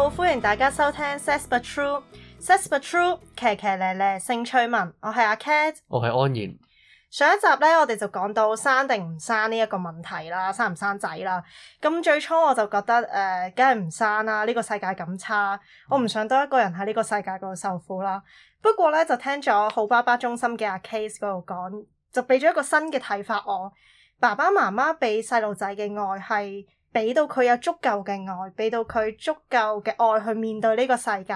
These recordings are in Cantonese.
好，歡迎大家收聽 Says but True，Says but True 騎騎咧咧性趣聞，我係阿 Kate，我係安然。上一集咧，我哋就講到生定唔生呢一個問題啦，生唔生仔啦。咁最初我就覺得誒，梗係唔生啦，呢、這個世界咁差，我唔想多一個人喺呢個世界度受苦啦。不過咧，就聽咗好爸爸中心嘅阿 case 嗰度講，就俾咗一個新嘅睇法我。我爸爸媽媽俾細路仔嘅愛係。俾到佢有足夠嘅愛，俾到佢足夠嘅愛去面對呢個世界，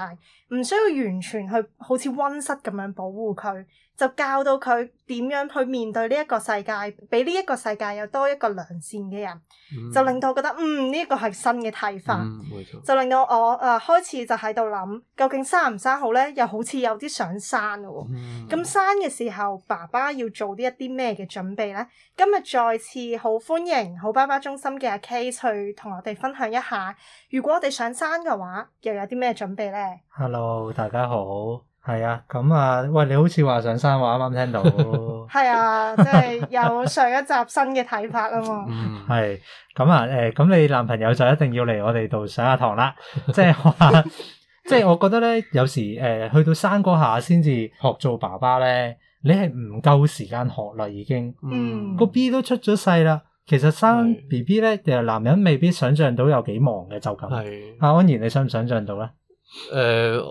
唔需要完全去好似溫室咁樣保護佢。就教到佢點樣去面對呢一個世界，俾呢一個世界有多一個良善嘅人，嗯、就令到覺得嗯呢、呢個係新嘅睇法。嗯、冇錯、就令到我誒、呃、開始就喺度諗，究竟生唔生好呢？又好似有啲想生嘅喎。咁、嗯、生嘅時候，爸爸要做啲一啲咩嘅準備呢？今日再次好歡迎好爸爸中心嘅阿 K 去同我哋分享一下，如果我哋想生嘅話，又有啲咩準備呢？Hello，大家好。係啊，咁啊，喂，你好似話上山話啱啱聽到，係 啊，即、就、係、是、有上一集新嘅睇法啊嘛。嗯，係，咁啊，誒、呃，咁你男朋友就一定要嚟我哋度上下堂啦，即係即係我覺得咧，有時誒、呃，去到山嗰下先至學做爸爸咧，你係唔夠時間學啦，已經。嗯。個 B 都出咗世啦，其實生 B B 咧，其實的男人未必想象到有幾忙嘅，就咁的。係的。阿、啊、安然，你想唔想象到咧？誒、嗯。嗯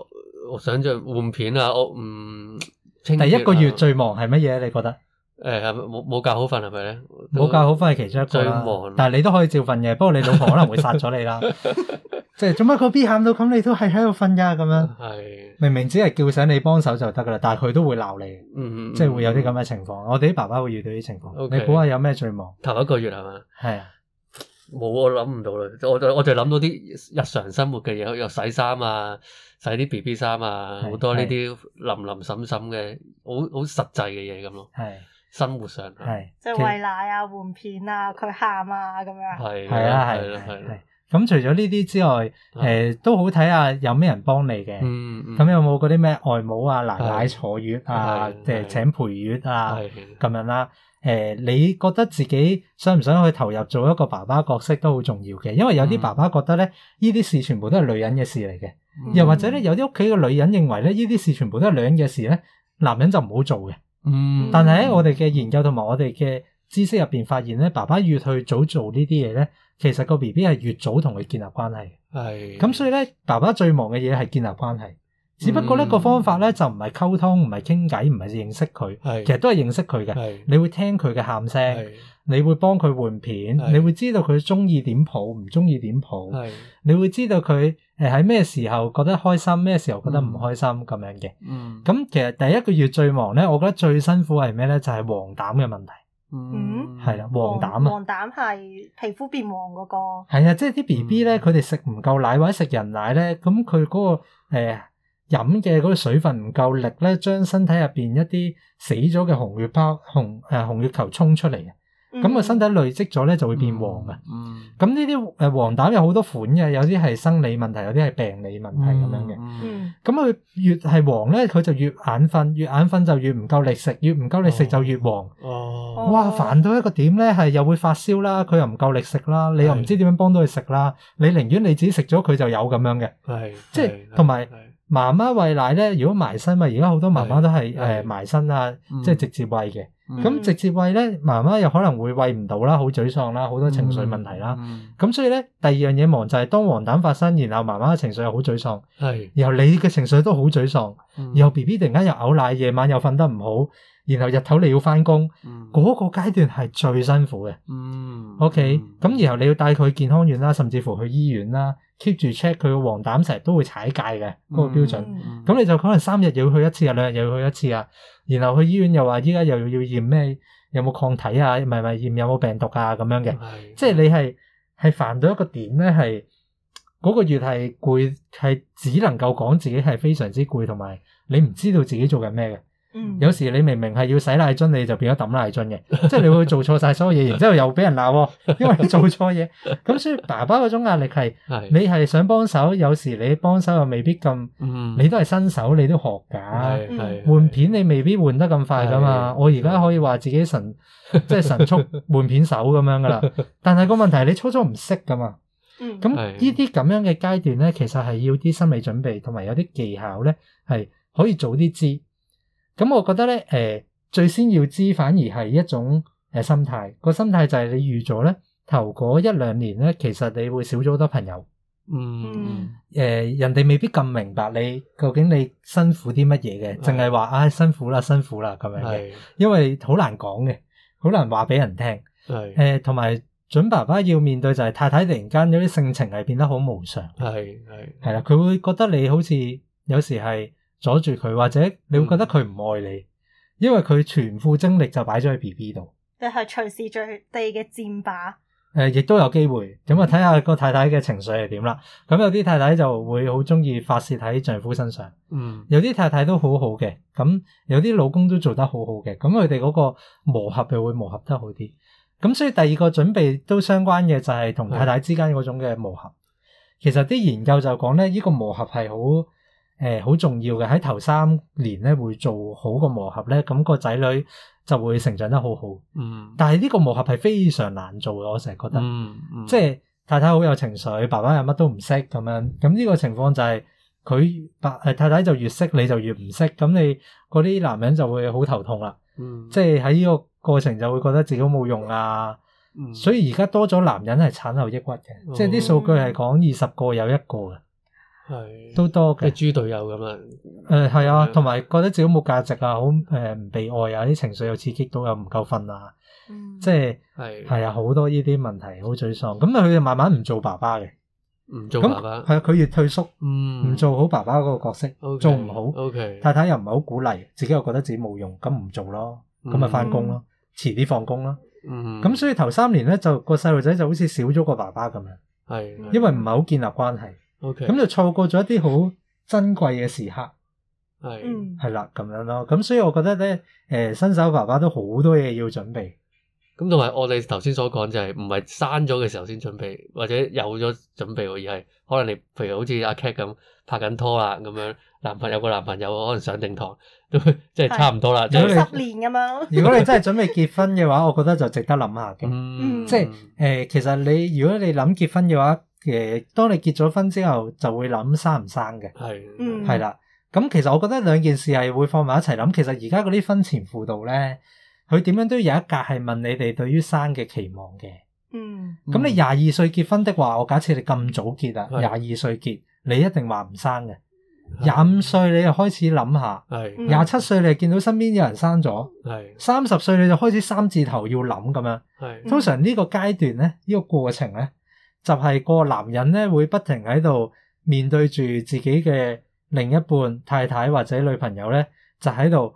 我想象換片啊，我唔。第一個月最忙係乜嘢？你覺得？誒，冇冇教好瞓係咪咧？冇教好瞓係其中一個最忙，Besides, 但係你都可以照瞓嘅。不簡過 Int rum 你老婆可能會殺咗你啦。即係做乜個 B 喊到咁，你、mm hmm. 都係喺度瞓噶咁樣。係。明明只係叫醒你幫手就得噶啦，但係佢都會鬧你。嗯嗯。即係會有啲咁嘅情況，我哋啲爸爸會遇到啲情況。Okay. 你估下有咩最忙？頭一個月係嘛？係啊。冇，我諗唔到啦，我就我就諗到啲日常生活嘅嘢，又洗衫啊，洗啲 BB 衫啊，好多呢啲淋淋嬸嬸嘅好好實際嘅嘢咁咯。係生活上係，即係喂奶啊、換片啊、佢喊啊咁樣。係係啦係啦係。咁、啊啊啊啊啊啊、除咗呢啲之外，誒都、啊、好睇下有咩人幫你嘅。嗯咁、um, um, 有冇嗰啲咩外母啊、奶奶坐月啊，即係對、啊、請陪月啊咁樣啦。c ita 色報道誒、呃，你覺得自己想唔想去投入做一個爸爸角色都好重要嘅，因為有啲爸爸覺得咧，呢啲、嗯、事全部都係女人嘅事嚟嘅，嗯、又或者咧有啲屋企嘅女人認為咧，呢啲事全部都係女人嘅事咧，男人就唔好做嘅。嗯，但係咧，我哋嘅研究同埋我哋嘅知識入邊發現咧，嗯、爸爸越去早做呢啲嘢咧，其實個 B B 係越早同佢建立關係。係的。咁所以咧，爸爸最忙嘅嘢係建立關係。只不過呢個方法咧就唔、是、係溝通，唔係傾偈，唔係認識佢，是其實都係認識佢嘅。是你會聽佢嘅喊聲，是你會幫佢換片，是你會知道佢中意點抱，唔中意點抱。是你會知道佢誒喺咩時候覺得開心，咩時候覺得唔開心咁、嗯、樣嘅。咁其實第一個月最忙咧，我覺得最辛苦係咩咧？就係、是、黃疸嘅問題。嗯，係啦，黃疸啊。黃疸係皮膚變黃嗰、那個。係啊，即係啲 BB 咧，佢哋食唔夠奶或者食人奶咧，咁佢嗰個誒飲嘅嗰啲水分唔夠力咧，將身體入邊一啲死咗嘅紅血包、紅誒紅血球沖出嚟嘅，咁個身體累積咗咧就會變黃嘅。咁呢啲誒黃疸有好多款嘅，有啲係生理問題，有啲係病理問題咁樣嘅。咁佢越係黃咧，佢就越眼瞓，越眼瞓就越唔夠力食，越唔夠力食就越黃。哦，哇！煩到一個點咧，係又會發燒啦，佢又唔夠力食啦，你又唔知點樣幫到佢食啦。你寧願你自己食咗佢就有咁樣嘅，即係同埋。媽媽餵奶咧，如果埋身咪，而家好多媽媽都係誒的、呃、埋身啦，即係直接餵嘅。咁、嗯、直接餵咧，媽媽又可能會餵唔到啦，好沮喪啦，好多情緒問題啦。咁、嗯嗯、所以咧，第二樣嘢忙就係、是、當黃疸發生，然後媽媽嘅情緒又好沮喪的，然後你嘅情緒都好沮喪，然後 B B 突然間又嘔奶，夜晚又瞓得唔好。然後日頭你要翻工，嗰、嗯、個階段係最辛苦嘅。O K，咁然後你要帶佢去健康院啦，甚至乎去醫院啦，keep 住 check 佢個黃疸成日都會踩界嘅嗰、嗰個標準。咁、嗯、你就可能三日要去一次啊，兩日又要去一次啊。然後去醫院又話依家又要要驗咩，有冇抗體啊？唔係唔係驗有冇病毒啊？咁樣嘅，的即係你係係煩到一個點咧，係嗰個月係攰，係只能夠講自己係非常之攰，同埋你唔知道自己做緊咩嘅。嗯、有時你明明係要洗奶樽，你就變咗抌奶樽嘅，即係你會做錯晒所有嘢， 然之後又俾人鬧，因為你做錯嘢。咁所以爸爸嗰種壓力係，是你係想幫手，有時你幫手又未必咁，嗯、你都係新手，你都學噶，是是是換片你未必換得咁快噶嘛。是是是我而家可以話自己神，即係神速換片手咁樣噶啦。 但係個問題係你初初唔識噶嘛。咁呢啲咁樣嘅階段咧，其實係要啲心理準備，同埋有啲技巧咧，係可以早啲知。咁我覺得咧，誒、呃，最先要知反而係一種誒、呃、心態。個心態就係你預咗咧，頭嗰一兩年咧，其實你會少咗好多朋友。嗯。誒、嗯呃，人哋未必咁明白你究竟你辛苦啲乜嘢嘅，淨係話啊辛苦啦，辛苦啦咁樣嘅。係的。因為好難講嘅，好難話俾人聽。係、呃。誒，同埋準爸爸要面對就係、是、太太突然間有啲性情係變得好無常。係係的。係啦，佢會覺得你好似有時係。阻住佢，或者你會覺得佢唔愛你，嗯、因為佢全副精力就擺咗喺 B B 度。你係隨時隨地嘅戰靶。誒，亦都有機會，咁啊睇下個太太嘅情緒係點啦。咁有啲太太就會好中意發泄喺丈夫身上。嗯，有啲太太都好好嘅，咁有啲老公都做得好好嘅，咁佢哋嗰個磨合又會磨合得好啲。咁所以第二個準備都相關嘅就係同太太之間嗰種嘅磨合。嗯、其實啲研究就講咧，呢、呢個磨合係好，誒好、欸、重要嘅，喺頭三年咧會做好個磨合咧，咁、那個仔女就會成長得好好。嗯，但係呢個磨合係非常難做嘅，我成日覺得，嗯嗯、即係太太好有情緒，爸爸又乜都唔識咁樣，咁呢個情況就係佢爸誒太太就越識，你就越唔識，咁你嗰啲男人就會好頭痛啦。嗯，即係喺呢個過程就會覺得自己冇用啊。嗯、所以而家多咗男人係產後抑鬱嘅，嗯、即係啲數據係講二十個有一個嘅。係都多嘅，係豬隊友咁樣！誒係啊，同埋覺得自己冇價值啊，好誒唔被愛啊，啲情緒又刺激到又唔夠瞓啊，即係係係啊，好多呢啲問題好沮喪。咁啊，佢就慢慢唔做爸爸嘅，唔做爸爸係啊。佢越退縮，唔做好爸爸嗰個角色，做唔好。O K，太太又唔係好鼓勵，自己又覺得自己冇用，咁唔做咯。咁咪翻工咯，遲啲放工咯。咁所以頭三年咧，就個細路仔就好似少咗個爸爸咁樣。係，因為唔係好建立關係。咁就錯過咗一啲好珍貴嘅時刻，係係啦咁樣咯。咁所以我覺得咧，誒新手爸爸都好多嘢要準備。咁同埋我哋頭先所講就係唔係生咗嘅時候先準備，或者有咗準備喎，而係可能你譬如好似阿 Cat 咁拍緊拖啦咁樣，男朋友個男朋友可能上定堂都即係差唔多啦。十年咁樣。如果你真係準備結婚嘅話，我覺得就值得諗下嘅。即係誒，其實你如果你諗結婚嘅話。誒，當你結咗婚之後，就會諗生唔生嘅，係、嗯哼，係啦。咁其實我覺得兩件事係會放埋一齊諗。其實而家嗰啲婚前輔導咧，佢點樣都要有一格係問你哋對於生嘅期望嘅。嗯。咁、嗯、你廿二歲結婚的話，我假設你咁早結啊，廿二歲結，你一定話唔生嘅。廿五歲你就開始諗下，係。廿七歲你就見到身邊有人生咗，係。三十歲你就開始三字頭要諗咁樣，係。嗯、通常呢個階段咧，呢個過程咧。呢個就係個男人咧，會不停喺度面對住自己嘅另一半太太或者女朋友咧，就喺度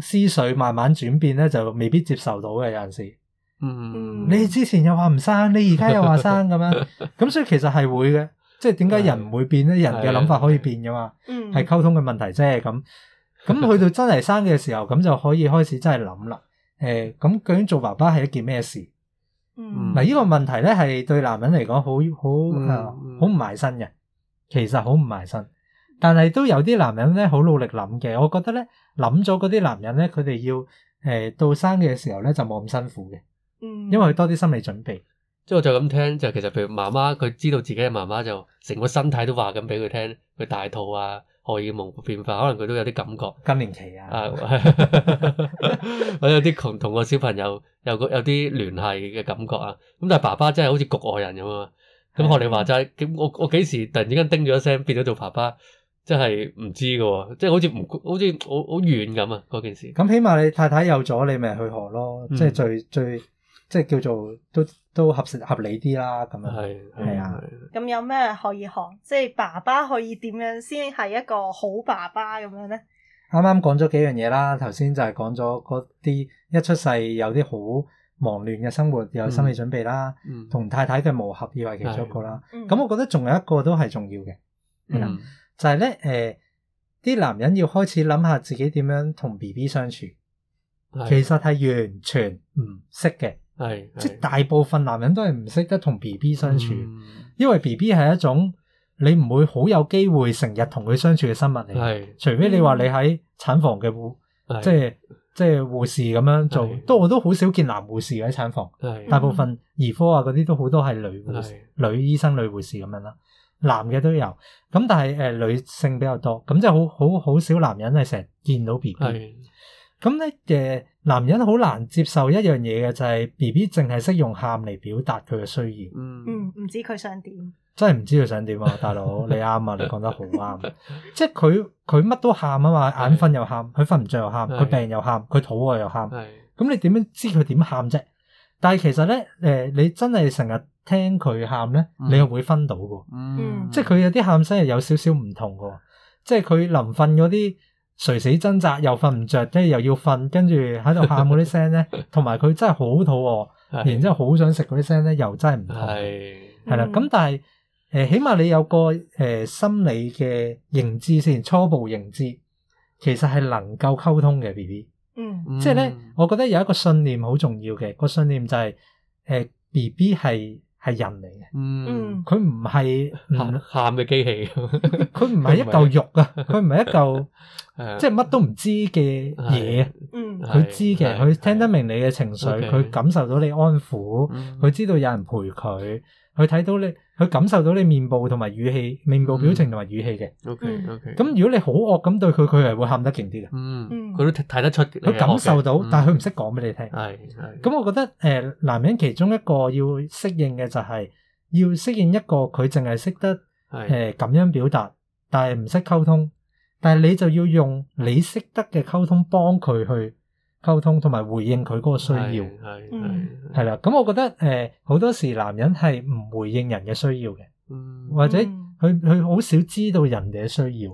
思緒慢慢轉變咧，就未必接受到嘅有陣時。嗯，你之前又話唔生，你而家又話生咁樣，咁 所以其實係會嘅。即係點解人唔會變咧？的人嘅諗法可以變㗎嘛？嗯的，係溝通嘅問題啫。咁咁去到真係生嘅時候，咁就可以開始真係諗啦。誒、欸，咁究竟做爸爸係一件咩事？唔，嗱呢、嗯、個問題咧係對男人嚟講好好，好唔埋身嘅，其實好唔埋身，但係都有啲男人咧好努力諗嘅，我覺得咧諗咗嗰啲男人咧，佢哋要誒、呃、到生嘅時候咧就冇咁辛苦嘅，嗯，因為多啲心理準備。即係再咁聽，就其實譬如媽媽佢知道自己嘅媽媽就成個身體都話緊俾佢聽，佢大肚啊。荷爾蒙變化，可能佢都有啲感覺。更年期啊！我、啊、 有啲同同個小朋友有個有啲聯繫嘅感覺啊！咁但係爸爸真係好似局外人咁啊！咁學你話齋，咁我我幾時突然之間叮咗一聲變咗做爸爸，真係唔知㗎、啊，即係好，好似唔好似好好遠咁啊！嗰件事。咁起碼你太太有咗，你咪去學咯，即係最最。即係叫做都都合適合理啲啦，咁樣係係是啊。咁有咩可以學？即係爸爸可以點樣先係一個好爸爸咁樣咧？啱啱講咗幾樣嘢啦，頭先就係講咗嗰啲一出世有啲好忙亂嘅生活，有心理準備啦，同、嗯嗯、太太嘅磨合以為其中一個啦。咁、嗯、我覺得仲有一個都係重要嘅，嗯嗯、就係咧誒、啲、呃、男人要開始諗下自己點樣同 B B 相處，其實係完全唔識嘅。係，即係大部分男人都係唔識得同 B B 相處，嗯、因為 B B 係一種你唔會好有機會成日同佢相處嘅生物嚟。係的，除非你話你喺產房嘅護，的即係即係護士咁樣做，的都我都好少見男護士喺產房。的大部分兒科啊嗰啲都好多係女護士、的女醫生、女護士咁樣啦，男嘅都有。咁但係誒、呃、女性比較多，咁即係好好好少男人係成日見到 B B 的。咁咧，誒，男人好難接受一樣嘢嘅就係 B B 淨係識用喊嚟表達佢嘅需要，嗯，唔知佢想點，真係唔知佢想點啊！ 大佬，你啱啊，你講得好啱， 即係佢佢乜都喊啊嘛，眼瞓又喊，佢瞓唔着又喊，佢 病又喊，佢肚餓又喊，咁 你點樣知佢點喊啫？但係其實咧，誒、呃，你真係成日聽佢喊咧，你又會分到嘅，嗯，嗯即係佢有啲喊聲係有少少唔同嘅，即係佢臨瞓嗰啲。垂死掙扎又瞓唔着，即係又要瞓，跟住喺度喊嗰啲聲咧，同埋佢真係好肚餓， 然之後好想食嗰啲聲咧，又真係唔同，係啦。 咁但係誒、呃，起碼你有個誒、呃、心理嘅認知先，初步認知其實係能夠溝通嘅 B B。寶寶嗯，即係咧，我覺得有一個信念好重要嘅，個信念就係誒 B B 係。呃寶寶係人嚟嘅，嗯，佢唔係喊嘅機器，佢唔係一嚿肉啊，佢唔係一嚿，即係乜都唔知嘅嘢，佢知嘅，佢聽得明你嘅情緒，佢感受到你安撫，佢知道有人陪佢，佢睇到你。佢感受到你面部同埋語氣、面部表情同埋語氣嘅。O K O K。咁如果你好惡咁對佢，佢係會喊得勁啲嘅。嗯，佢都睇得出嘅。佢感受到，惜但係佢唔識講俾你聽。係係、嗯。咁、嗯、我覺得誒、呃，男人其中一個要適應嘅就係、是、要適應一個佢淨係識得誒咁、呃、樣表達，但係唔識溝通，但係你就要用你識得嘅溝通幫佢去溝通同埋回應佢嗰個需要。係係係啦。咁我覺得誒，好多時男人係唔回應人嘅需要嘅，或者佢佢好少知道人哋嘅需要，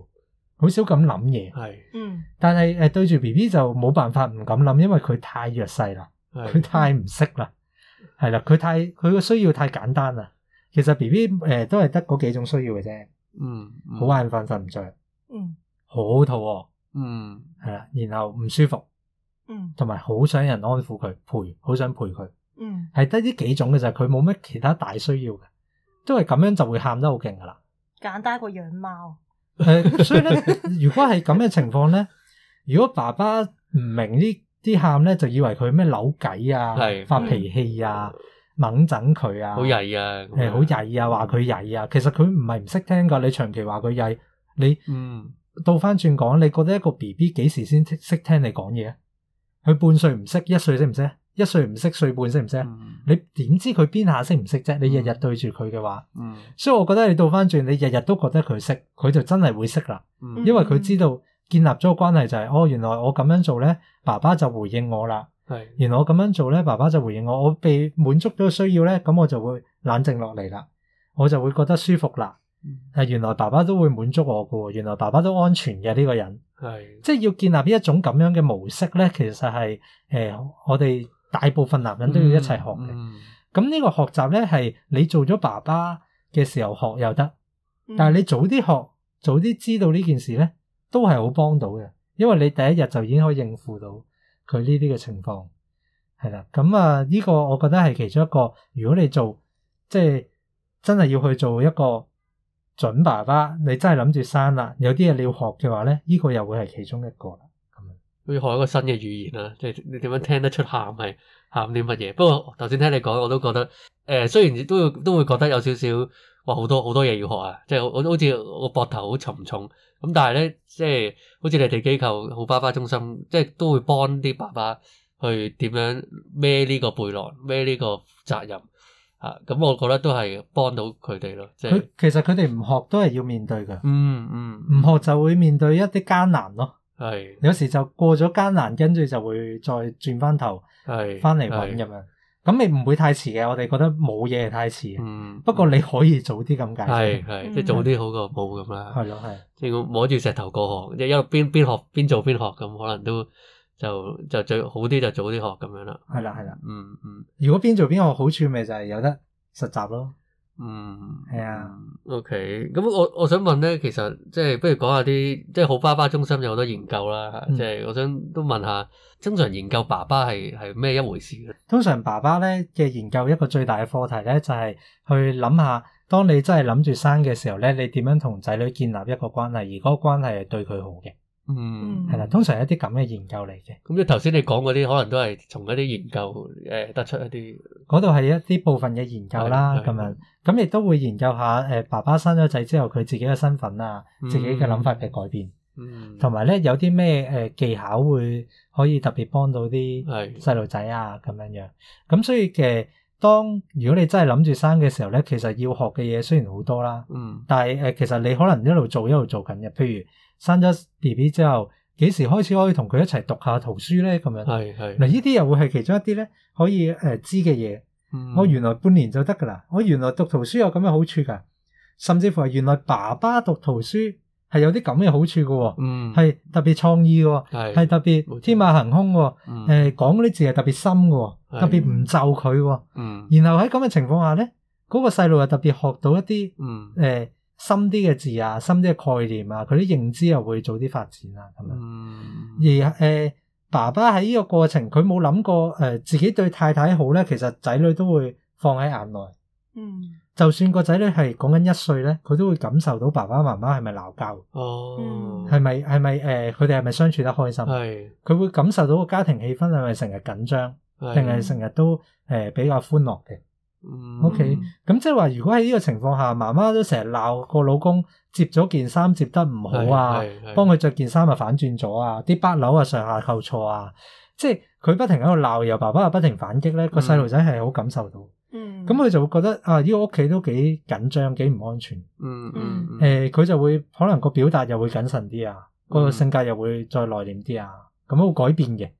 好少咁諗嘢。係嗯，但係誒對住 B B 就冇辦法唔敢諗，因為佢太弱勢啦，佢太唔識啦，係啦，佢太佢個需要太簡單啦。其實 B B 誒都係得嗰幾種需要嘅啫。嗯，好眼瞓瞓唔着，嗯，好肚餓，嗯係啦，然後唔舒服。同埋好想人安撫佢，陪，好想陪佢。嗯，係得呢幾種嘅，就係佢冇咩其他大需要嘅，都係咁樣就會喊得好勁噶啦。簡單過養貓。係、 呃，所以咧，如果係咁嘅情況咧，如果爸爸唔明呢啲喊咧，就以為佢咩扭計啊，係是發脾氣啊，猛整佢啊，好曳啊，誒，好曳啊，話佢曳啊，其實佢唔係唔識聽噶，你長期話佢曳，你嗯，倒翻轉講，你覺得一個 B B 幾時先識識聽你講嘢？佢半歲唔識，一歲識唔識？一歲唔識，歲半識唔識？ 你點知佢邊下識唔識啫？ 你日日對住佢嘅話， 所以我覺得你倒翻轉，你日日都覺得佢識，佢就真係會識啦。 因為佢知道建立咗個關係就係、是，哦，原來我咁樣做咧，爸爸就回應我啦。 原來我咁樣做咧，爸爸就回應我，我被滿足咗需要咧，咁我就會冷靜落嚟啦，我就會覺得舒服啦。誒，原來爸爸都會滿足我㗎，原來爸爸都安全嘅呢、呢個人，是即係要建立呢一種咁樣嘅模式咧。其實係誒、呃，我哋大部分男人都要一齊學嘅。咁呢、嗯嗯、個學習咧，係你做咗爸爸嘅時候學又得，但係你早啲學，早啲知道呢件事咧，都係好幫到嘅。因為你第一日就已經可以應付到佢呢啲嘅情況，係啦。咁啊，呢、呢個我覺得係其中一個。如果你做即係真係要去做一個。準爸爸，你真係諗住生啦，有啲嘢你要學嘅話咧，呢個又會係其中一個啦。佢要學一個新嘅語言啦，即係你點樣聽得出喊係喊啲乜嘢？不過頭先聽你講，我都覺得誒、呃，雖然都會都會覺得有少少話好多好多嘢要學啊，即係我好似個膊頭好沉重咁。但係咧，即係好似你哋機構好爸爸中心，即係都會幫啲爸爸去點樣孭呢個背囊、孭呢個責任。啊，咁我覺得都係幫到佢哋咯，即係佢其實佢哋唔學都係要面對嘅，嗯嗯，唔學就會面對一啲艱難咯，係是，有時就過咗艱難，跟住就會再轉翻頭，係是，翻嚟揾咁樣，咁對 你唔會太遲嘅，我哋覺得冇嘢係太遲，嗯，嗯，不過你可以早啲咁介紹，係即係早啲好過冇咁啦，係咯係，即係摸住石頭過河，即係一路邊邊學邊做邊學咁，可能都。就就最好啲就早啲學咁樣啦。係啦係啦，嗯嗯。如果邊做邊學好處咪就係有得實習咯。嗯，係啊。OK，咁我我想問咧，其實即係不如講下啲，即係好爸爸中心有好多研究啦，即係，嗯，我想都問下，通常研究爸爸係係咩一回事嘅？通常爸爸咧嘅研究一個最大嘅課題咧，就係去諗下，當你真係諗住生嘅時候咧，你點樣同仔女建立一個關係，而嗰個關係係對佢好嘅。嗯，係啦，通常係一啲咁嘅研究嚟嘅。咁你係頭先你講嗰啲，可能都係從一啲研究誒、呃、得出一啲。嗰度係一啲部分嘅研究啦，咁樣。咁亦都會研究下誒、呃，爸爸生咗仔之後佢自己嘅身份啊，嗯、自己嘅諗法嘅改變。嗯。同埋咧，有啲咩誒技巧會可以特別幫到啲細路仔啊咁樣樣。咁所以嘅、呃、當如果你真係諗住生嘅時候咧，其實要學嘅嘢雖然好多啦。嗯。但係誒，其實你可能一路做一路做緊嘅，譬如。生咗 B B 之後，幾時開始可以同佢一齊讀下圖書咧？咁樣，係係嗱，呢啲又會係其中一啲咧，可以誒、呃、知嘅嘢。嗯、我原來半年就得噶啦，我原來讀圖書有咁嘅好處噶，甚至乎係原來爸爸讀圖書係有啲咁嘅好處噶、哦，係、嗯、特別創意嘅，係是特別天馬行空嘅，誒講啲字係特別深嘅，是特別唔就佢，嗯嗯、然後喺咁嘅情況下咧，嗰、嗰個細路又特別學到一啲誒。嗯呃呃呃呃呃呃深啲嘅字啊，深啲嘅概念啊，佢啲認知又會早啲發展啊。咁樣。嗯、而誒、呃、爸爸喺呢個過程，佢冇諗過誒、呃、自己對太太好咧，其實仔女都會放喺眼內。嗯，就算個仔女係講緊一歲咧，佢都會感受到爸爸媽媽係咪鬧交？哦，係咪係咪誒？佢哋係咪相處得開心？係是，佢會感受到個家庭氣氛係咪成日緊張，定係成日都誒、呃、比較歡樂嘅？O.K. 咁、嗯嗯、即係話，如果喺呢個情況下，媽媽都成日鬧個老公，摺咗件衫摺得唔好啊，幫佢着件衫啊反轉咗啊，啲八樓啊上下扣錯啊，即係佢不停喺度鬧，由爸爸啊不停反擊咧，嗯、個細路仔係好感受到。咁佢、嗯、就會覺得啊，呢、呢個屋企都幾緊張，幾唔安全。誒、嗯，佢、嗯嗯呃、就會可能個表達又會謹慎啲啊，個、嗯嗯、性格又會再內斂啲啊，咁樣會改變嘅。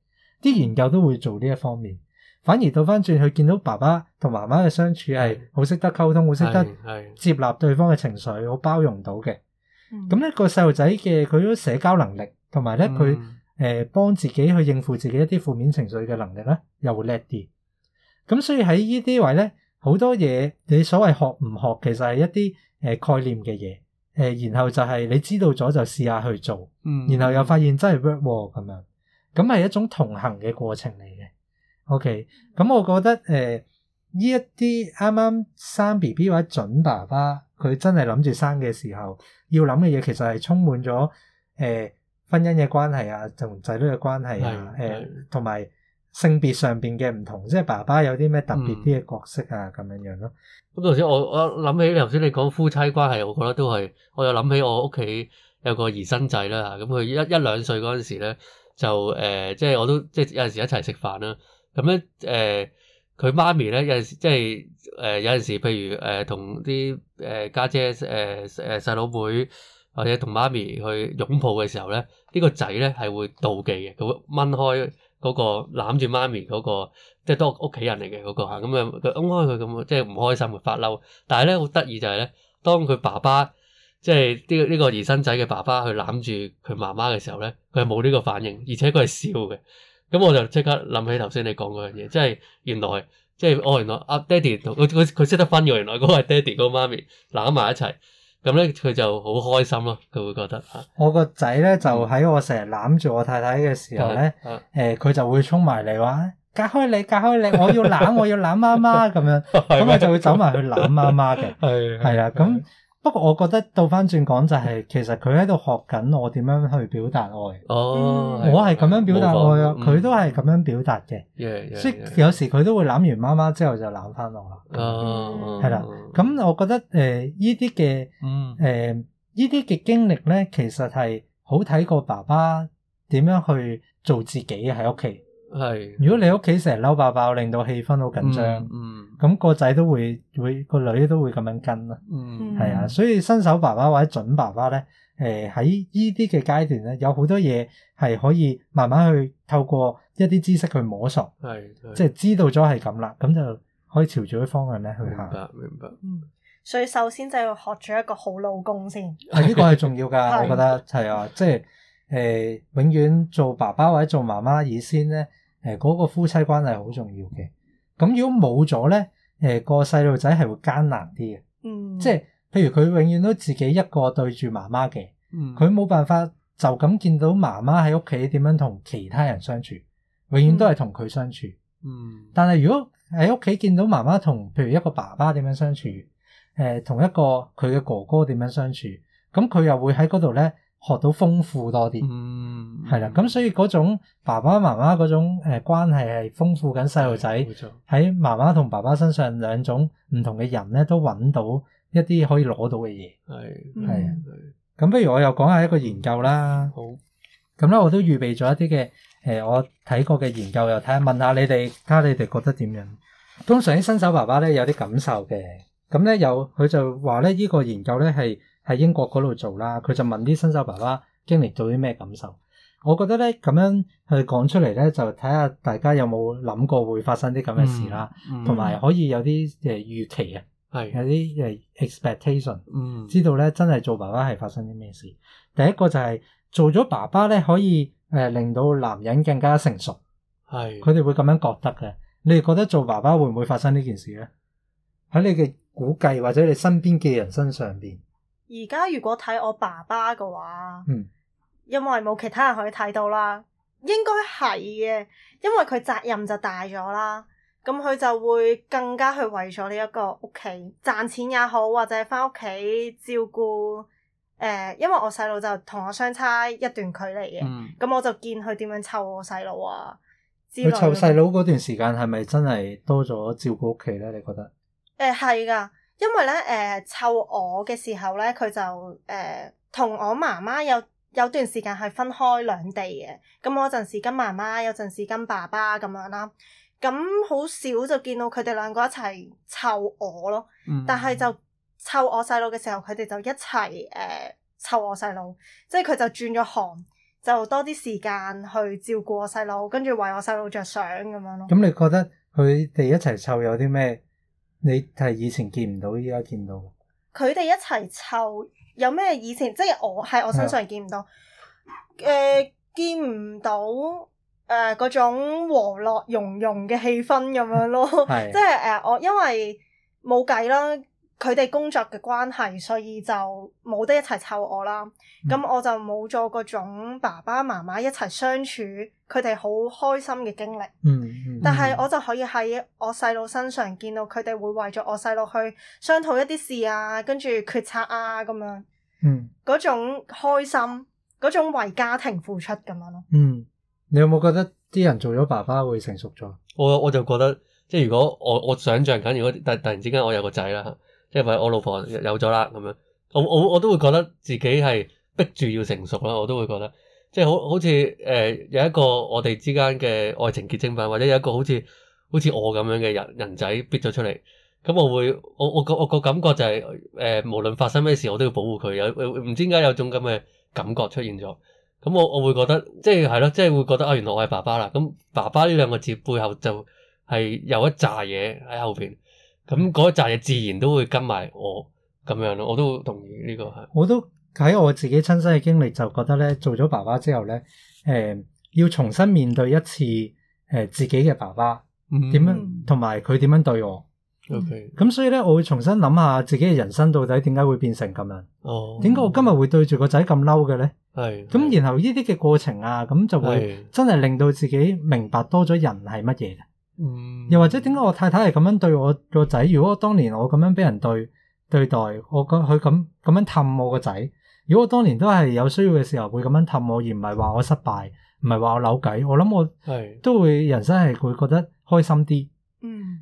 啲研究都會做呢一方面。反而倒翻轉，去見到爸爸同媽媽嘅相處係好識得溝通，好識得接納對方嘅情緒，好包容到嘅。咁呢、嗯、個細路仔嘅佢都社交能力，同埋咧佢誒幫自己去應付自己一啲負面情緒嘅能力咧，又會叻啲。咁所以喺呢啲位咧，好多嘢你所謂學唔學，其實係一啲誒、呃、概念嘅嘢。誒、呃，然後就係你知道咗就試下去做，嗯嗯、然後又發現真係 work 喎咁樣。咁係一種同行嘅過程嚟嘅。O.K. 咁，我覺得誒呢一啲啱啱生 B.B. 或者準爸爸，佢真係諗住生嘅時候，要諗嘅嘢其實係充滿咗誒婚姻嘅關係啊，同仔女嘅關係啊，誒同埋性別上邊嘅唔同，即係爸爸有啲咩特別啲嘅角色啊，咁樣樣咯。不過頭先我我諗起頭先你講夫妻關係，我覺得都係，我又諗起我屋企有個兒生仔啦，咁佢一一兩歲嗰陣時咧，就、呃、誒即係我都即係有陣時一齊食飯啦。咁咧，誒佢、呃、媽咪咧、呃、有陣時，即係誒有陣時，譬如誒同啲誒家姐、誒誒細佬妹，或者同媽咪去擁抱嘅時候咧，這個、呢個仔咧係會妒忌嘅，佢會掹開嗰、那個攬住媽咪嗰、那個，即係都屋企人嚟嘅嗰個嚇，咁樣佢掹開佢咁，即係唔開心，會發嬲。但係咧好得意就係、是、咧，當佢爸爸即係呢呢個兒生仔嘅爸爸去攬住佢媽媽嘅時候咧，佢係冇呢個反應，而且佢係笑嘅。咁我就即刻諗起頭先你講嗰樣嘢，即係原來即係哦，原來阿爹哋佢佢佢識得分，原來嗰個係爹哋，嗰個媽咪攬埋一齊，咁咧佢就好開心咯，佢會覺得嚇。啊、我個仔咧就喺我成日攬住我太太嘅時候咧，誒佢、嗯啊呃、就會衝埋嚟話：隔開你，隔開你，我要攬，我要攬媽媽咁樣，咁佢 的就會走埋去攬媽媽嘅，係啦咁。.不過我覺得倒翻轉講就係、是，其實佢喺度學緊我點樣去表達愛。哦，我係咁樣表達愛啊，佢都係咁樣表達嘅。即、yeah, yeah , yeah. 有時佢都會攬完媽媽之後就攬翻我啦。哦、oh, 嗯，係啦。咁我覺得誒呢啲嘅誒呢啲嘅經歷咧，其實係好睇過爸爸點樣去做自己喺屋企。係，如果你屋企成日嬲爆爆，令到氣氛好緊張，咁個仔都會會個女都會咁樣跟啦，係啊、嗯，所以新手爸爸或者準爸爸咧，誒、呃、喺呢啲嘅階段咧，有好多嘢，係可以慢慢去透過一啲知識去摸索，係、嗯，嗯、即係知道咗係咁啦，咁就可以朝住啲方向咧去行。明白，明白，嗯，所以首先就要學住一個好老公先，呢、 啊這個係重要噶。 我覺得係啊，即係誒，永遠做爸爸或者做媽媽以先咧。誒嗰、呃嗰個夫妻關係好重要嘅，咁如果冇咗咧，誒、呃個細路仔係會艱難啲嘅，嗯、即係譬如佢永遠都自己一個對住媽媽嘅，佢冇、嗯、辦法就咁見到媽媽喺屋企點樣同其他人相處，永遠都係同佢相處。嗯嗯、但係如果喺屋企見到媽媽同譬如一個爸爸點樣相處，誒、呃、同一個佢嘅哥哥點樣相處，咁佢又會喺嗰度咧。學到豐富多啲，嗯，係啦，咁所以嗰種爸爸媽媽嗰種誒、呃、關係係豐富緊細路仔，冇錯，喺媽媽同爸爸身上兩種唔同嘅人咧，都揾到一啲可以攞到嘅嘢，係係。咁不如我又講下一個研究啦、嗯，好。咁咧我都預備咗一啲嘅誒，我睇過嘅研究又睇下，問下你哋，睇你哋覺得點樣？通常啲新手爸爸咧有啲感受嘅，咁咧有佢就話咧呢個研究咧係，喺英國嗰度做啦，佢就問啲新手爸爸經歷到啲咩感受。我覺得咧咁樣去講出嚟咧，就睇下大家有冇諗過會發生啲咁嘅事啦，同埋、嗯、可以有啲誒預期啊，係有啲誒 expectation，知道咧真係做爸爸係發生啲咩事。第一個就係、是、做咗爸爸咧，可以誒、呃、令到男人更加成熟，係佢哋會咁樣覺得嘅。你哋覺得做爸爸會唔會發生呢件事咧？喺你嘅估計或者你身邊嘅人身上邊？而家如果睇我爸爸嘅話，嗯、因為冇其他人可以睇到啦，應該係嘅，因為佢責任就大咗啦，咁佢就會更加去為咗呢一個屋企賺錢也好，或者返屋企照顧誒、呃，因為我細佬就同我相差一段距離嘅，咁、嗯、我就見佢點樣湊我細佬啊，佢湊細佬嗰段時間係咪真係多咗照顧屋企咧？你覺得？誒、呃，係噶。因為咧，誒、呃，湊我嘅時候咧，佢就誒，同、呃、我媽媽有有段時間係分開兩地嘅，咁我陣時跟媽媽，有陣時跟爸爸咁樣啦，咁好少就見到佢哋兩個一齊湊我咯，但係就湊我細佬嘅時候，佢哋就一齊誒湊我細佬，即係佢就轉咗行，就多啲時間去照顧我細佬，跟住為我細佬着想咁樣咯。咁你覺得佢哋一齊湊有啲咩？你係以前見唔到，依家見到。佢哋一齊湊，有咩以前，即係我喺我身上見唔到，誒的、呃、見唔到誒嗰、呃、種和樂融融嘅氣氛咁樣咯，的即係誒、呃、我因為冇計啦。佢哋工作嘅關係，所以就冇得一齊湊我啦。咁、嗯、我就冇咗嗰種爸爸媽媽一齊相處，佢哋好開心嘅經歷。嗯，嗯嗯但係我就可以喺我細佬身上見到佢哋會為咗我細佬去商討一啲事啊，跟住決策啊咁樣。嗯，嗰種開心，嗰種為家庭付出咁樣咯。嗯，你有冇覺得啲人做咗爸爸會成熟咗？我我就覺得，即係如果我我想象緊，如果但突然之間我有個仔啦。即係我老婆有咗啦咁樣，我我我都會覺得自己係逼住要成熟啦，我都會覺得，即係好好似誒、呃、有一個我哋之間嘅愛情結晶品，或者有一個好似好似我咁樣嘅人人仔逼咗出嚟，咁我會我我個我個感覺就係、是、誒、呃、無論發生咩事，我都要保護佢。有唔知點解有種咁嘅感覺出現咗，咁我我會覺得即係係咯，即係會覺得啊、哦，原來我係爸爸啦。咁爸爸呢兩個字背後就係有一紮嘢喺後邊。咁嗰一紮嘢自然都會跟埋我咁樣咯，我都同意呢個係。我都喺我自己親身嘅經歷就覺得咧，做咗爸爸之後咧，誒、呃，要重新面對一次誒、呃、自己嘅爸爸點樣，同埋佢點樣對我。O K、嗯。咁所以咧，我會重新諗下自己嘅人生到底點解會變成咁樣？哦。點解我今日會對住個仔咁嬲嘅咧？係、嗯。咁然後呢啲嘅過程啊，咁就會真係令到自己明白多咗人係乜嘢。嗯，又或者點解我太太係咁樣對我個仔？如果當年我咁樣俾人對對待，我覺佢咁咁樣氹我個仔，如果我當年都係有需要嘅時候會咁樣氹我，而唔係話我失敗，唔係話我扭計，我諗我係都會人生係會覺得開心啲，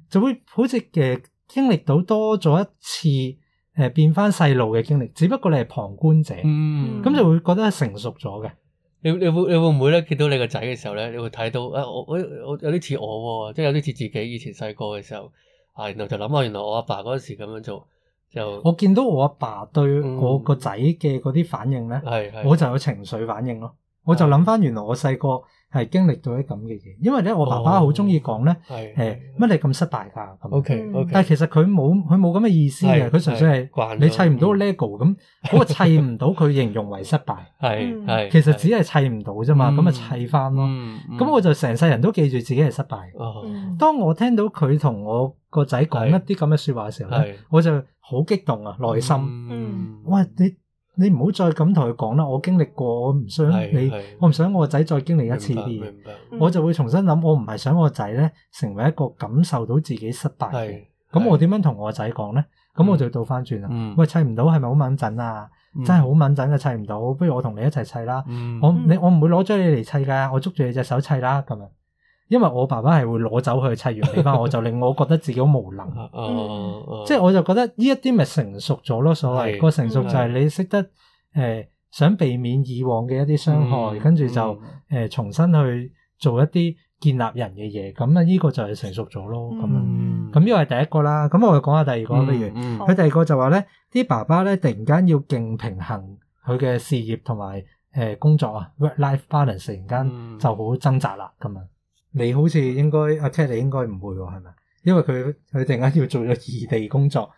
就會好似嘅經歷到多咗一次誒、呃、變翻細路嘅經歷，只不過你係旁觀者，咁、嗯、就會覺得係成熟咗嘅。你你會你會唔會咧見到你個仔嘅時候咧，你會睇到啊、哎、我我有我有啲似我喎，即係有啲似自己以前細個嘅時候,時候啊，然後就諗下，原來我阿爸嗰時咁樣做，就我見到我阿爸,爸對我個仔嘅嗰啲反應咧，係係係我就有情緒反應咯，我就諗返原來我細個。係係係係經歷到啲咁嘅嘢，因為咧我爸爸好中意講咧，誒乜你咁失敗㗎？O K O K，但係其實佢冇佢冇咁嘅意思嘅，佢純粹係你砌唔到 Lego 咁，嗰個砌唔到佢形容為失敗，係係，其實只係砌唔到啫嘛，咁咪砌翻咯。咁我就成世人都記住自己係失敗。當我聽到佢同我個仔講一啲咁嘅説話嘅時候咧，我就好激動啊，內心我啲。你唔好再咁同佢講啦，我經歷過，我唔想你，是是我唔想我個仔再經歷一次啲嘢，明白明白，我就會重新諗，我唔係想我個仔咧成為一個感受到自己失敗嘅，咁是是我點樣同我個仔講咧？咁、嗯、我就倒翻轉啦，嗯、喂砌唔到係咪好 𤷪𤺧 啊？嗯、真係好 𤷪𤺧 嘅，砌唔到，不如我同你一齊砌啦，我你我唔會攞咗你嚟砌噶，我捉住你隻手砌啦咁樣。因為我爸爸係會攞走佢砌完俾翻我，就令我覺得自己好無能。哦 即係我就覺得呢一啲咪成熟咗咯。所謂個成熟就係你識得誒、呃，想避免以往嘅一啲傷害，嗯、跟住就誒、呃、重新去做一啲建立人嘅嘢。咁啊，呢個就係成熟咗咯。咁咁、嗯，呢個係第一個啦。咁我講下第二個，譬如佢、嗯嗯、第二個就話咧，啲好爸爸咧突然間要勁平衡佢嘅事業同埋誒工作啊，work life balance 突然間就好掙扎啦咁啊。你好似應該，阿 t 你應該唔會喎，係咪？因為佢佢突然間要做咗異地工作，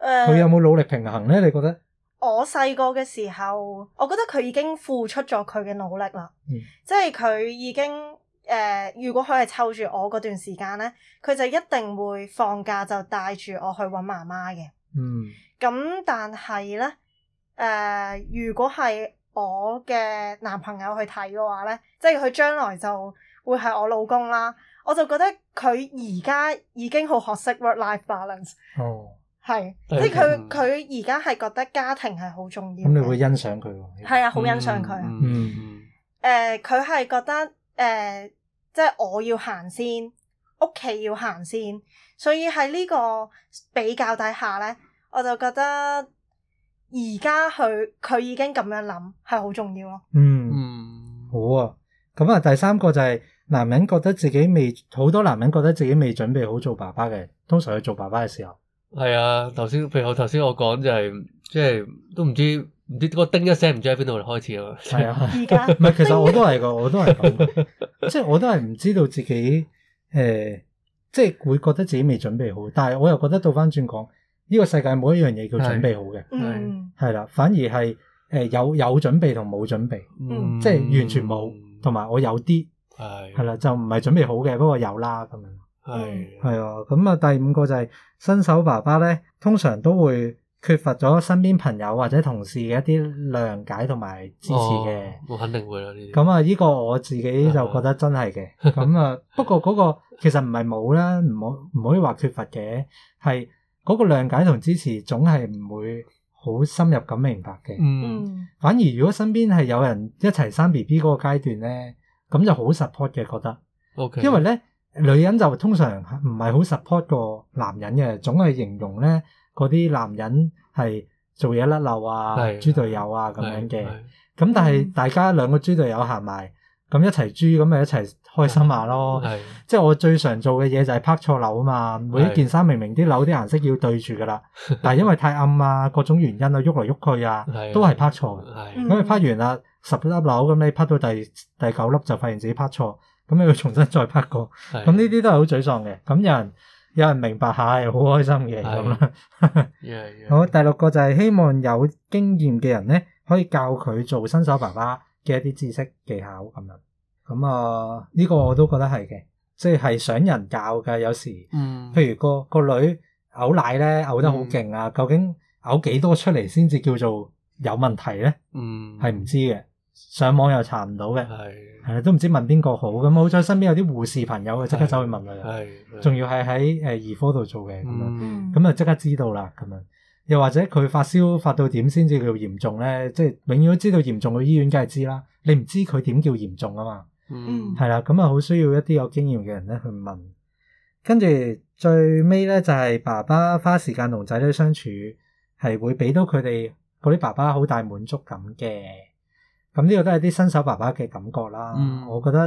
誒，佢有冇努力平衡咧？你覺得？我細個嘅時候，我覺得佢已經付出咗佢嘅努力啦。嗯、即係佢已經誒、呃，如果佢係湊住我嗰段時間咧，佢就一定會放假就帶住我去揾媽媽嘅。嗯，咁但係咧誒，如果係我嘅男朋友去睇嘅話咧，即係佢將來就，會係我老公啦，我就覺得佢而家已經好學識 work-life balance，係，即係佢佢而家係覺得家庭係好重要。咁你會欣賞佢喎？係啊，好欣賞佢啊。嗯，誒，佢係覺得誒，即係我要行先，屋企要行先，所以喺呢個比較底下咧，我就覺得而家佢佢已經咁樣諗係好重要咯。嗯，好啊，咁啊，第三個就係。男人覺得自己未，好多男人覺得自己未準備好做爸爸嘅，通常去做爸爸嘅時候，係啊，頭先譬如頭先我講就係、是、即、就、係、是、都唔知唔知個叮一聲唔知喺邊度開始啊，係啊 在，而家唔係，其實我都係噶，我都係咁， 即係我都係唔知道自己誒、呃，即係會覺得自己未準備好，但係我又覺得倒翻轉講，呢、這個世界冇一樣嘢叫準備好嘅，係係啦，反而係誒有有，有，有準備同冇準備，即係完全冇，同埋我有啲。係，係啦，就唔係準備好嘅，不過有啦，咁樣的。係的，係啊，咁啊，第五個就係、是、新手爸爸咧，通常都會缺乏咗身邊朋友或者同事嘅一啲諒解同埋支持嘅。我、哦、肯定會啦呢啲。咁啊，呢、這個我自己就覺得真係嘅。咁的啊，不過嗰個其實唔係冇啦，唔好唔可以話缺乏嘅，係嗰個諒解同支持總係唔會好深入咁明白嘅。嗯。反而如果身邊係有人一齊生 B B 嗰個階段咧。咁就好 support 嘅，覺得，OK，因為咧，女人就通常唔係好 support 個男人嘅，總係形容咧嗰啲男人係做嘢甩漏啊，豬隊友啊咁樣嘅。咁但係大家兩個豬隊友行埋，咁一齊豬，咁咪一齊開心下咯。即係我最常做嘅嘢就係拍錯樓啊嘛。每一件衫明明啲樓啲顏色要對住噶啦，但係因為太暗啊，各種原因啊，喐嚟喐去啊，都係拍錯。咁啊拍完啦。十粒樓咁你、嗯、拍到第第九粒就發現自己拍錯，咁、嗯、你要重新再拍過。咁呢啲都係好沮喪嘅。咁、嗯、有人有人明白下係好開心嘅咁咯。好，第六個就係希望有經驗嘅人咧，可以教佢做新手爸爸嘅一啲知識技巧咁樣。咁啊呢個我都覺得係嘅，即係想人教㗎有時。嗯。譬如個個，個女嘔奶咧嘔得好勁啊，究竟嘔幾多出嚟先至叫做有問題咧？嗯，係唔知嘅。上網又查唔到嘅，係是都唔知問邊個好咁。好彩身邊有啲護士朋友，就即刻走去問佢。係，仲要係喺誒兒科度做嘅咁、嗯、樣，咁就即刻知道啦。咁樣，又或者佢發燒發到點先至叫嚴重咧？即係永遠都知道嚴重嘅醫院梗係知啦。你唔知佢點叫嚴重啊嘛？係啦、嗯，咁啊好需要一啲有經驗嘅人咧去問。跟住最尾咧就係爸爸花時間同仔女相處，係會俾到佢哋嗰啲爸爸好大滿足感嘅。咁呢個都係啲新手爸爸嘅感覺啦，嗯、我覺得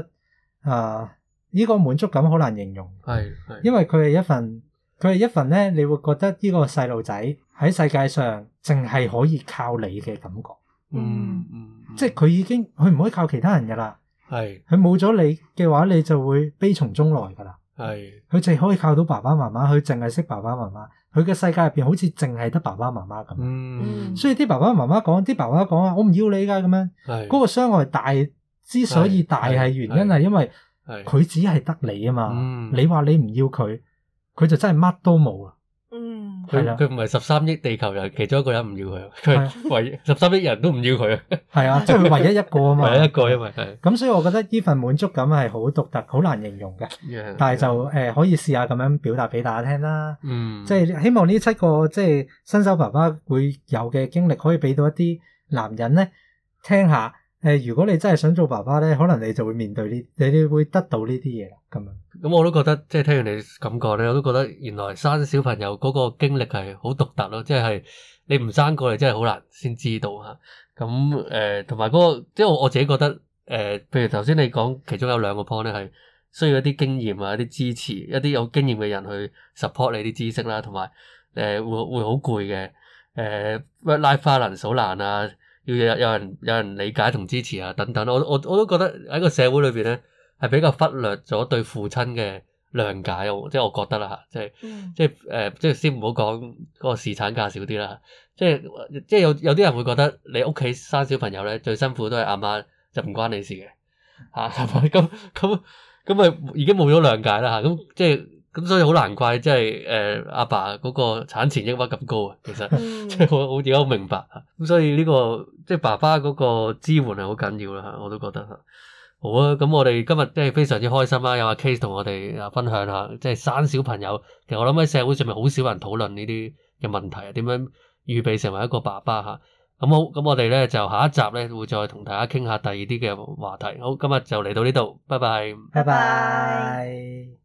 啊，呢、呃呢個滿足感好難形容，係係，因為佢係一份，佢係一份咧，你會覺得呢個細路仔喺世界上淨係可以靠你嘅感覺，嗯嗯，嗯嗯即係佢已經佢唔可以靠其他人嘅啦，係，佢冇咗你嘅話，你就會悲從中來噶啦，係，佢淨係可以靠到爸爸媽媽，佢淨係識爸爸媽媽。佢嘅世界入邊好似淨係得爸爸媽媽咁、嗯，所以啲爸爸媽媽講，啲爸爸講啊，我唔要你噶咁樣，嗰個傷害大，之所以大係原因係因為佢只係得你啊嘛，你話你唔要佢，佢就真係乜都冇啊。嗯，佢佢唔係十三億地球人，其中一個人唔要佢，佢唯十三億人都唔要佢啊，係啊，即係佢唯一一個啊嘛， 唯一一個，因為係。咁、啊、所以我覺得呢份滿足感係好獨特，好難形容嘅。Yeah, 但係就誒，可以試下咁樣表達俾大家聽啦。嗯，即係希望呢七個即係、就是、新手爸爸會有嘅經歷，可以俾到一啲男人咧聽下。誒，如果你真係想做爸爸咧，可能你就會面對呢，你你會得到呢啲嘢啦，咁樣。咁我都覺得，即係聽完你感覺咧，我都覺得原來生小朋友嗰個經歷係好獨特咯，即係你唔生過嚟，真係好難先知道吓。咁誒，同埋嗰個，即係我自己覺得，誒、呃，譬如頭先你講，其中有兩個 point 咧係需要一啲經驗啊，一啲支持，一啲有經驗嘅人去 support 你啲知識啦，同埋誒會會好攰嘅，誒、呃，work life balance 好難啊。要有人要有人理解同支持啊，等等，我我我都覺得喺個社會裏邊咧，係比較忽略咗對父親嘅諒解，即係我覺得啦吓，即係即係誒，即係先唔好講嗰個市產價少啲啦，即係即係有有啲人會覺得你屋企生小朋友咧最辛苦都係阿媽，就唔關你事嘅，吓咁咁咁咪已經冇咗諒解啦吓，咁即係。咁所以好難怪，即係誒阿爸嗰個產前抑鬱咁高啊，其實即係 我好點解好明白啊？咁所以呢、這個即係爸爸嗰個支援係好緊要啦，我都覺得吓好啊！咁我哋今日即係非常之開心啦、啊，有阿 K 同我哋啊分享下，即係生小朋友。其實我諗喺社會上面好少人討論呢啲嘅問題，點樣預備成為一個爸爸吓？咁、啊、好，咁我哋咧就下一集咧會再同大家傾下第二啲嘅話題。好，今日就嚟到呢度，拜拜，拜拜。